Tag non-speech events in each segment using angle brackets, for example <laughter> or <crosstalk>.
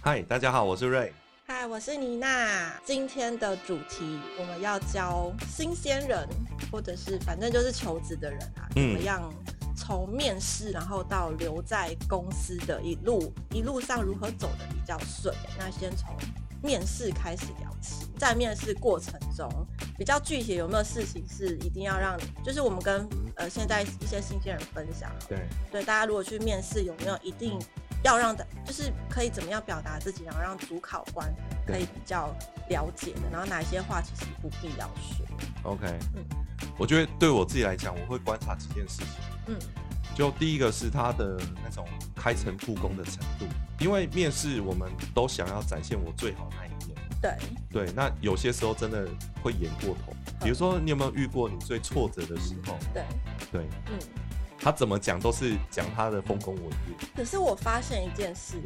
嗨，大家好，我是 Ray。嗨，我是妮娜。今天的主題，我們要教新鮮人，或者是反正就是求職的人啊、嗯，怎麼樣從面試然後到留在公司的一路，一路上如何走得比較順？那先從面試開始聊起，在面試過程中。比較具體有沒有事情是一定要讓，就是我們跟、嗯、呃現在一些新鮮人分享，對，對，大家如果去面試有沒有一定要讓的、嗯，就是可以怎麼樣表達自己，然後讓主考官可以比較了解的，然後哪一些話其實不必要說。OK，、嗯、我覺得對我自己來講，我會觀察幾件事情，嗯，就第一個是他的那種開誠布公的程度，因為面試我們都想要展現我最好那一。對對，那有些時候真的會演過頭，嗯。比如說，你有沒有遇過你最挫折的時候？對對，嗯，他怎麼講都是講他的豐功偉業。可是我發現一件事，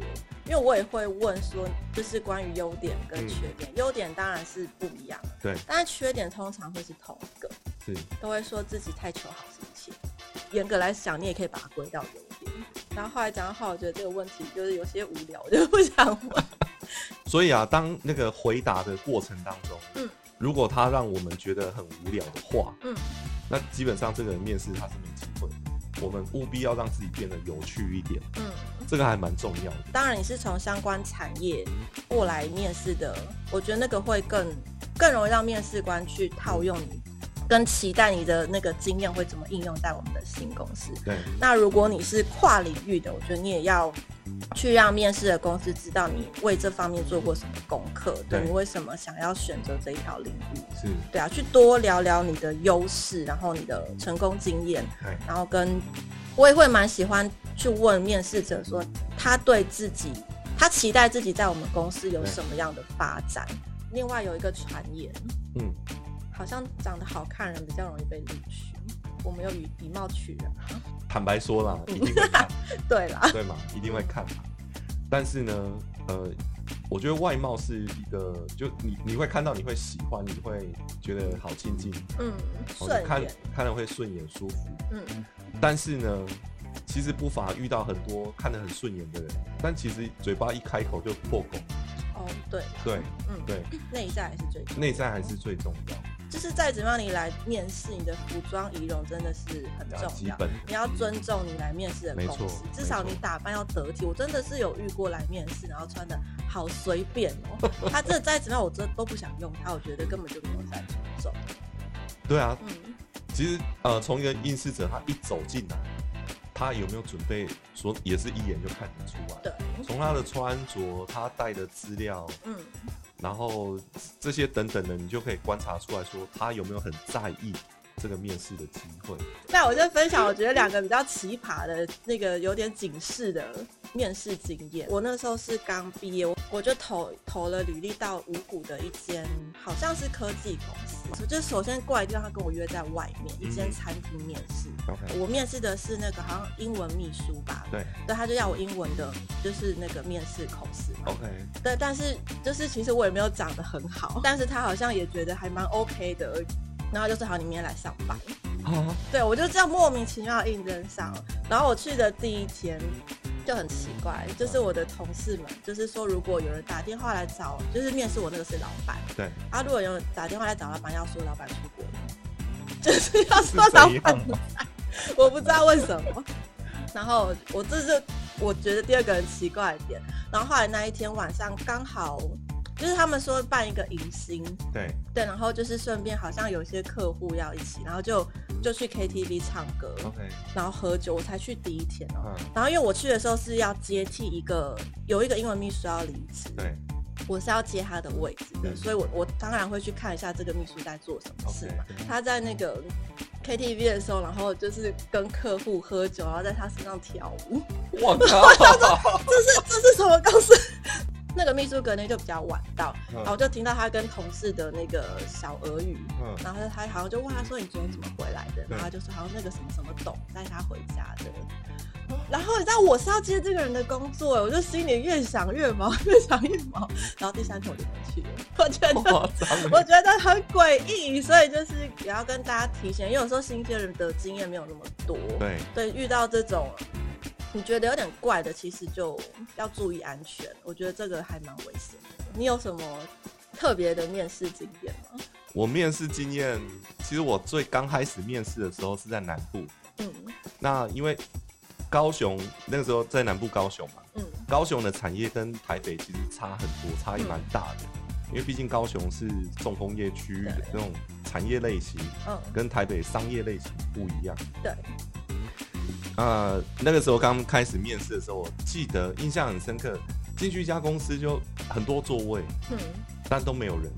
因為我也會問說，就是關於優點跟缺點，嗯、優點當然是不一樣，對，但是缺點通常會是同一個，是都會說自己太求好心切。嚴格來想，你也可以把它歸到優點。然後後來講的話，我覺得這個問題就是有些無聊，我就不想問。 <laughs> 所以啊，當那個回答的過程當中，嗯，如果他讓我們覺得很無聊的話，嗯，那基本上這個人面試他是沒機會。我們務必要讓自己變得有趣一點，嗯，這個還蠻重要的。當然，你是從相關產業過來面試的，嗯，我覺得那個會更更容易讓面試官去套用你，嗯，跟期待你的那個經驗會怎麼應用在我們的新公司。對。那如果你是跨領域的，我覺得你也要去讓面試的公司知道你為這方面做過什麼功課，對,對你為什麼想要選擇這一條領域，是對啊，去多聊聊你的優勢，然後你的成功經驗，然後跟我也會蠻喜歡去問面試者說，他對自己，他期待自己在我們公司有什麼樣的發展。另外有一個傳言，嗯，好像長得好看人比較容易被錄取。我們要以以貌取人啊。坦白說啦， <laughs> 對啦，對嘛，一定會看嘛。但是呢，呃，我覺得外貌是一個，就你你會看到，你會喜歡，你會覺得好親近，嗯，順眼哦，看了會順眼舒服，嗯。但是呢，其實不乏遇到很多看得很順眼的人，但其實嘴巴一開口就破口。哦，嗯，對，對，嗯，對，內在還是最，內在還是最重要。就是再怎麼樣，你來面試，你的服裝儀容真的是很重要。你要尊重你來面試的公司，至少你打扮要得體。我真的是有遇過來面試，然後穿的好隨便哦。 <laughs> 他這再怎麼樣，我真的都不想用他，我覺得根本就沒有在尊重。對啊，嗯，其實呃，從一個應試者，他一走進來，他有沒有準備，說也是一眼就看得出來。對，從他的穿着，他帶的資料，嗯。然後這些等等的，你就可以觀察出來說他有沒有很在意這個面試的機會。那我就分享，我覺得兩個比較奇葩的那個有點警示的面試經驗。我那時候是剛畢業，我，我就投投了履歷到五谷的一間，好像是科技公司。就首先過來就讓他跟我約在外面、嗯、一間餐廳面試。Okay. 我面試的是那個好像英文秘書吧？對，所以他就要我英文的，就是那個面試口試。OK，對，但是就是其實我也沒有長得很好，但是他好像也覺得還蠻 OK 的，然後就是好，你明天來上班。哦。對，我就這樣莫名其妙的應徵上了。然後我去的第一天。就很奇怪，就是我的同事們，嗯、就是說，如果有人打電話來找，就是面試我那個是老闆，對。啊。如果有人打電話來找老闆，要說老闆出國了，就是要說老闆來，我不知道為什麼。 <laughs> 然後我這是我覺得第二個很奇怪的點。然後後來那一天晚上剛好。就是他們說辦一個迎新，對對，然後就是順便好像有些客戶要一起，然後就就去 K T V 唱歌，OK，然後喝酒。我才去第一天哦、嗯，然後因為我去的時候是要接替一個有一個英文祕書要離職，對，我是要接他的位置的，所以我我當然會去看一下這個祕書在做什麼事、okay, 嘛。他在那個 K T V 的時候，然後就是跟客戶喝酒，然後在他身上跳舞。我靠、喔說，這是這是什麼公司？ <laughs> 那個秘書哥呢就比較晚到，嗯、然後我就聽到他跟同事的那個小耳語、嗯，然後他就好像就問他說：“你昨天怎麼回來的？”然後就說：“好像那個什麼什麼董帶他回家的。”然後你知道我是要接這個人的工作，我就心裡越想越毛，越想越毛，然後第三天我就沒去了。我覺得我覺得很詭異，所以就是也要跟大家提醒，因為有時候新鮮人的經驗沒有那麼多，對，所以遇到這種。你覺得有點怪的，其實就要注意安全。我覺得這個還蠻危險的。你有什麼特別的面試經驗嗎？我面試經驗，其實我最剛開始面試的時候是在南部。嗯。那因為高雄那個時候在南部高雄嘛，嗯。高雄的產業跟台北其實差很多，差異蠻大的。嗯，因為畢竟高雄是重工業區域的那種產業類型，嗯，跟台北商業類型不一樣。對。那、呃、那個時候剛開始面試的時候，我記得印象很深刻。進去一家公司就很多座位，嗯、但都沒有人。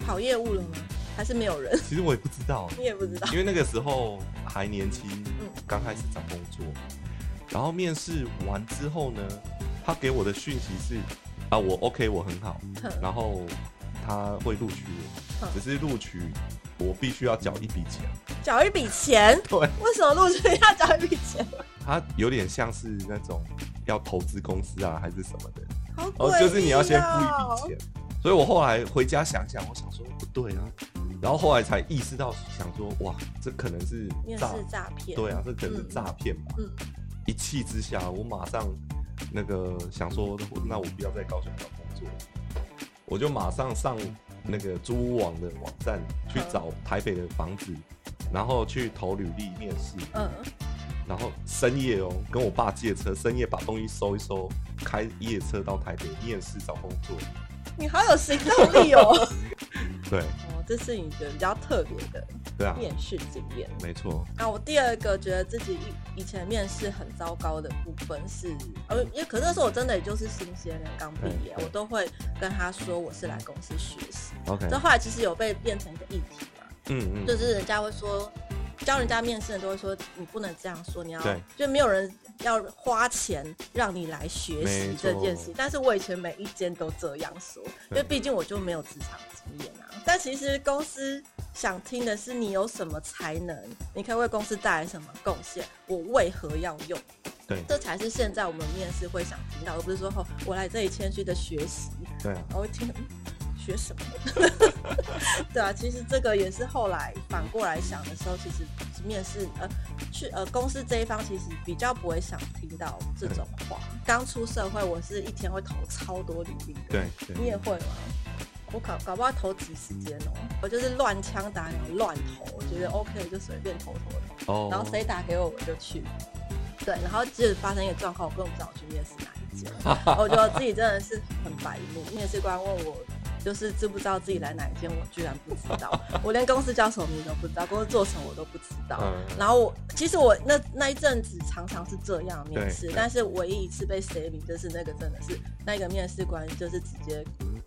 跑業務了嗎？還是沒有人？其實我也不知道，你也不知道，因為那個時候還年輕，嗯嗯、剛開始找工作。然後面試完之後呢，他給我的訊息是啊，我 OK，我很好，嗯、然後他會錄取我、嗯，只是錄取，我必須要繳一筆錢，繳、嗯、一筆錢，對，為什麼入職要繳一筆錢？他有點像是那種要投資公司啊，還是什麼的。好貴啊，哦，就是你要先付一筆錢，所以我後來回家想一想，我想說不對啊，然後後來才意識到，想說，哇，這可能是詐騙，對啊，這可能是詐騙嘛。嗯。嗯，一氣之下，我馬上那個想說，嗯、那我不要在高雄找工作了，我就馬上上那個租屋網的網站去找台北的房子，嗯，然後去投履歷面試，嗯，然後深夜哦，跟我爸借車，深夜把東西收一收，開夜車到台北面試找工作。你好有行動力哦， <laughs> 對，哦，這是你的比較。特別的，對啊，面試經驗，沒、啊、錯。那我第二個覺得自己以以前面試很糟糕的部分是，呃、嗯，因為可是那時候我真的也就是新鮮人剛畢業，我都會跟他說我是來公司學習。OK，這後來其實有被變成一個議題嘛，嗯嗯，就是人家會說教人家面試的都會說你不能這樣說，你要，對，就沒有人要花錢讓你來學習這件事。但是我以前每一間都這樣說，因為畢竟我就沒有職場經驗。那其實公司想聽的是你有什麼才能，你可以為公司帶來什麼貢獻？我為何要用？對，這才是現在我們面試會想聽到，而不是說“我來這裡謙虛的學習”對啊。對、哦，我會聽學什麼？ <laughs> <laughs> <laughs> 對啊，其實這個也是後來反過來想的時候，其實面試呃去呃公司這一方其實比較不會想聽到這種話。剛出社會，我是一天會投超多履歷的對，對，你也會嗎？我搞搞不好投幾十間哦、喔，我就是亂槍打鳥亂投，我覺得 OK 就隨便投投、投、oh. 然後誰打給我我就去。對，然後就發生一個狀況，我根本不知道我去面試哪一間， <laughs> 我覺得自己真的是很白目。面試官問我就是知不知道自己來哪一間，我居然不知道， <laughs> 我連公司叫什麼名都不知道，公司做什麼我都不知道。 <laughs> 然後我其實我那那一陣子常常是這樣面試，但是唯一一次被篩屏就是那個真的是那個面試官就是直接。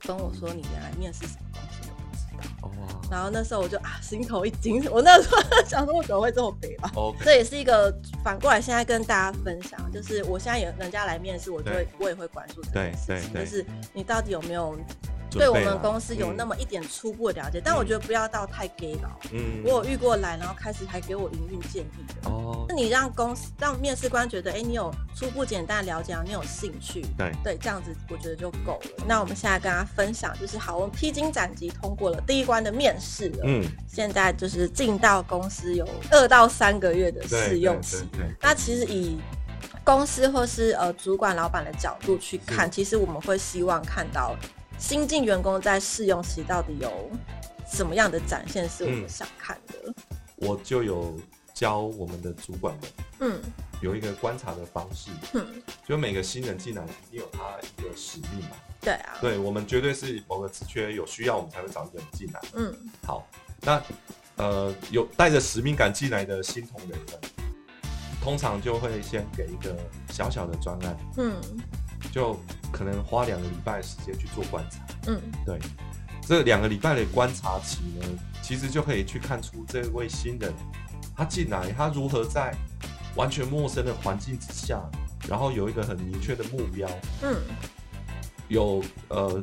跟我說你原來面試什麼東西都不知道，oh, wow. 然後那時候我就啊心頭一驚，我那時候想說，我怎麼會這麼肥吧、啊？Oh, okay. 這也是一個反過來，現在跟大家分享，就是我現在有人家來面試，我就會我也會關注這件事情，就是你到底有沒有？對我們公司有那麼一點初步的了解，嗯、但我覺得不要到太給腦。嗯，我有遇過來，然後開始還給我營運建議的。哦，那你讓公司讓面試官覺得，哎、欸，你有初步簡單了解了，你有興趣。對對，這樣子我覺得就夠了、嗯。那我們現在跟他分享，就是好，我們披荊斬棘通過了第一關的面試了。嗯，現在就是進到公司有二到三個月的試用期。對對對對對對，那其實以公司或是呃主管老板的角度去看，其實我們會希望看到。新進員工在試用期到底有什麼樣的展現是我們想看的？嗯，我就有教我們的主管們，嗯，有一個觀察的方式，嗯，就每個新人進來一定有他一個使命嘛，對啊，對我們絕對是某個職缺有需要，我們才會找一個人進來，嗯，好，那呃有帶着使命感進來的新同仁呢，通常就會先給一個小小的專案，嗯，就。可能花兩個禮拜的時間去做觀察，嗯，對，這兩個禮拜的觀察期呢，其實就可以去看出這位新人他進來，他如何在完全陌生的環境之下，然後有一個很明確的目標，嗯，有呃，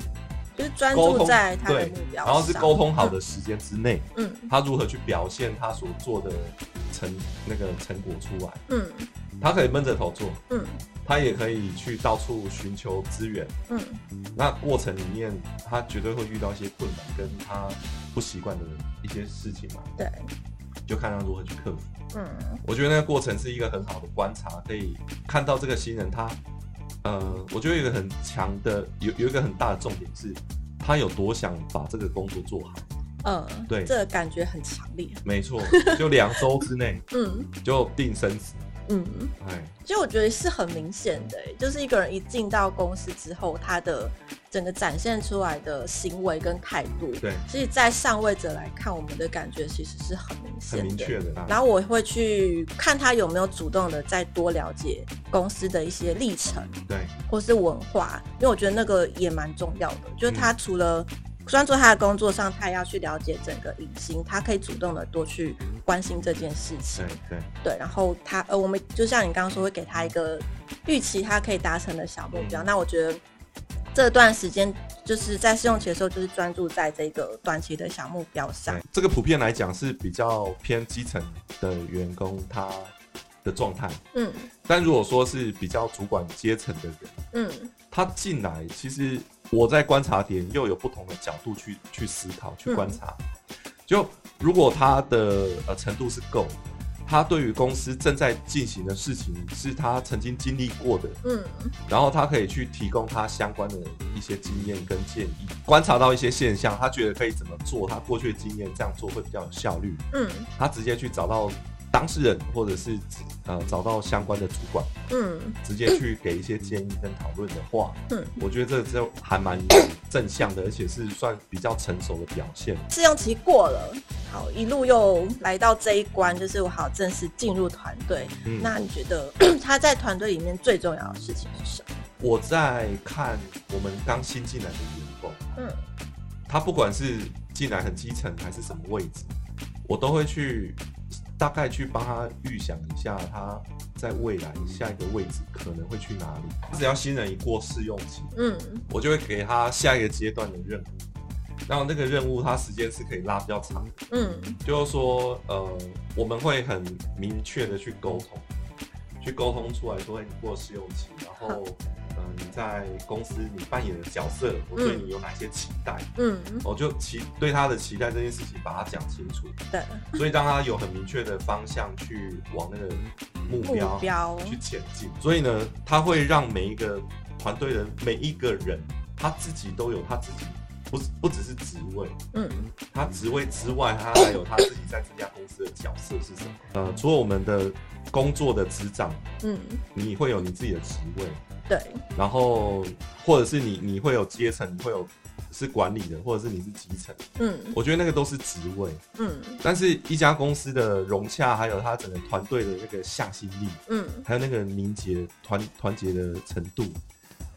就是專注在他的目標，然後是溝通好的時間之內，嗯，嗯，他如何去表現他所做的。成那個成果出來，嗯，他可以悶着頭做，嗯，他也可以去到處尋求資源，嗯，那過程裡面他絕對會遇到一些困難，跟他不習慣的一些事情嘛，對、嗯，就看他如何去克服，嗯，我覺得那個過程是一個很好的觀察，可以看到這個新人他，呃，我覺得有一個很強的，有有一個很大的重點是，他有多想把這個工作做好。嗯，對，這個，感覺很強烈。沒錯，就兩周之內， <laughs> 嗯，就定生死。嗯，哎、嗯，其實我覺得是很明顯的，欸嗯，就是一個人一進到公司之後，他的整個展現出來的行為跟態度，對，所以在上位者來看我們的感覺，其實是很明顯的，很明確的啊。然後我會去看他有沒有主動的再多了解公司的一些歷程，對，或是文化，因為我覺得那個也蠻重要的，就是他除了，嗯。專注做他的工作上，他也要去了解整個隱形，他可以主動的多去關心這件事情。嗯、對對對，然後他呃，我們就像你剛剛說，會給他一個預期，他可以達成的小目標。那我覺得這段時間就是在試用期的時候，就是專注在這個短期的小目標上。這個普遍來講是比較偏基層的員工，他。狀態，嗯，但如果說是比較主管階層的人，嗯，他進來，其實我在觀察點又有不同的角度去去思考、去觀察。嗯，就如果他的呃程度是夠，他對於公司正在進行的事情是他曾經經歷過的，嗯，然後他可以去提供他相關的一些經驗跟建議，觀察到一些現象，他覺得可以怎麼做，他過去的經驗這樣做會比較有效率，嗯，他直接去找到。當事人，或者是呃找到相關的主管，嗯，直接去給一些建議跟討論的話，嗯，我覺得這就還蠻正向的，嗯，而且是算比較成熟的表現。試用期過了，好，一路又來到這一關，就是我好正式進入團隊，嗯。那你覺得他在團隊裡面最重要的事情是什麼？我在看我們剛新進來的員工，嗯，他不管是進來很基層還是什麼位置，我都會去。大概去幫他預想一下，他在未來下一個位置可能會去哪裡。只要新人一過試用期，嗯，我就會給他下一個階段的任務，然後那個任務他時間是可以拉比較長的，嗯，就是說，呃，我們會很明確的去溝通。去溝通出來說：“你過試用期，然後、嗯，呃，你在公司你扮演的角色，我、嗯、對你有哪些期待？嗯，我就期對他的期待這件事情，把它講清楚。對、嗯，所以當他有很明確的方向去往那個目標去前進。所以呢，他會讓每一個團隊的每一個人，他自己都有他自己不，不是不只是職位，嗯，他職位之外，他還有他自己在這家公司的角色是什麼？嗯、呃，除了我們的。”工作的職掌，嗯，你會有你自己的職位，對，然後或者是你你會有階層，你會有，你會有是管理的，或者是你是基層，嗯，我覺得那個都是職位，嗯，但是一家公司的融洽，還有它整個團隊的那個向心力，嗯，還有那個凝結團團結的程度。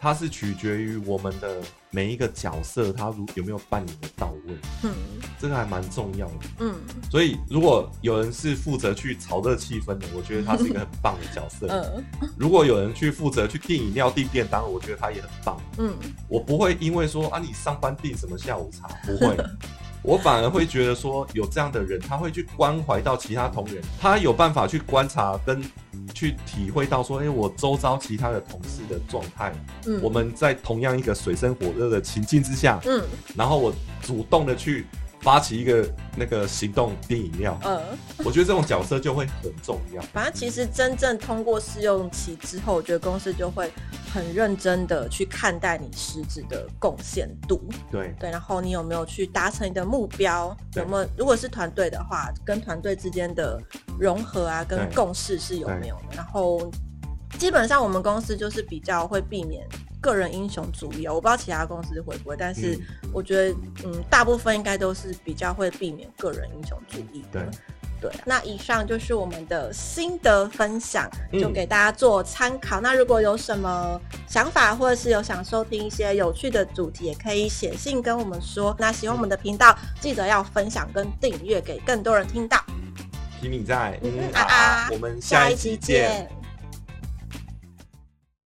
它是取決於我們的每一個角色，他如有沒有扮演得到位，嗯，這個還蠻重要的，嗯，所以如果有人是負責去炒熱氣氛的，我覺得他是一個很棒的角色，嗯，呃、如果有人去負責去訂飲料、訂便當，我覺得他也很棒，嗯，我不會因為說啊，你上班訂什麼下午茶，不會，呵呵我反而會覺得說，有這樣的人，他會去關懷到其他同仁，他有辦法去觀察跟。去體會到說，哎，欸，我周遭其他的同事的狀態，嗯，我們在同樣一個水深火熱的情境之下，嗯，然後我主動的去。發起一個那個行動，一定要。呃，我覺得這種角色就會很重要。反 <laughs> 正其實真正通過試用期之後，我覺得公司就會很認真的去看待你實質的貢獻度。對對，然後你有沒有去達成你的目標？有沒有？如果是團隊的話，跟團隊之間的融合啊，跟共識是有沒有？然後基本上我們公司就是比較會避免。個人英雄主義，喔，我不知道其他公司會不會，但是我覺得，嗯，嗯，大部分應該都是比較會避免個人英雄主義的對。對，那以上就是我們的心得分享，就給大家做參考，嗯。那如果有什麼想法，或者是有想收聽一些有趣的主題，也可以寫信跟我們說。那喜歡我們的頻道，記得要分享跟訂閱，給更多人聽到。皮米在、嗯啊啊，我們下一期見。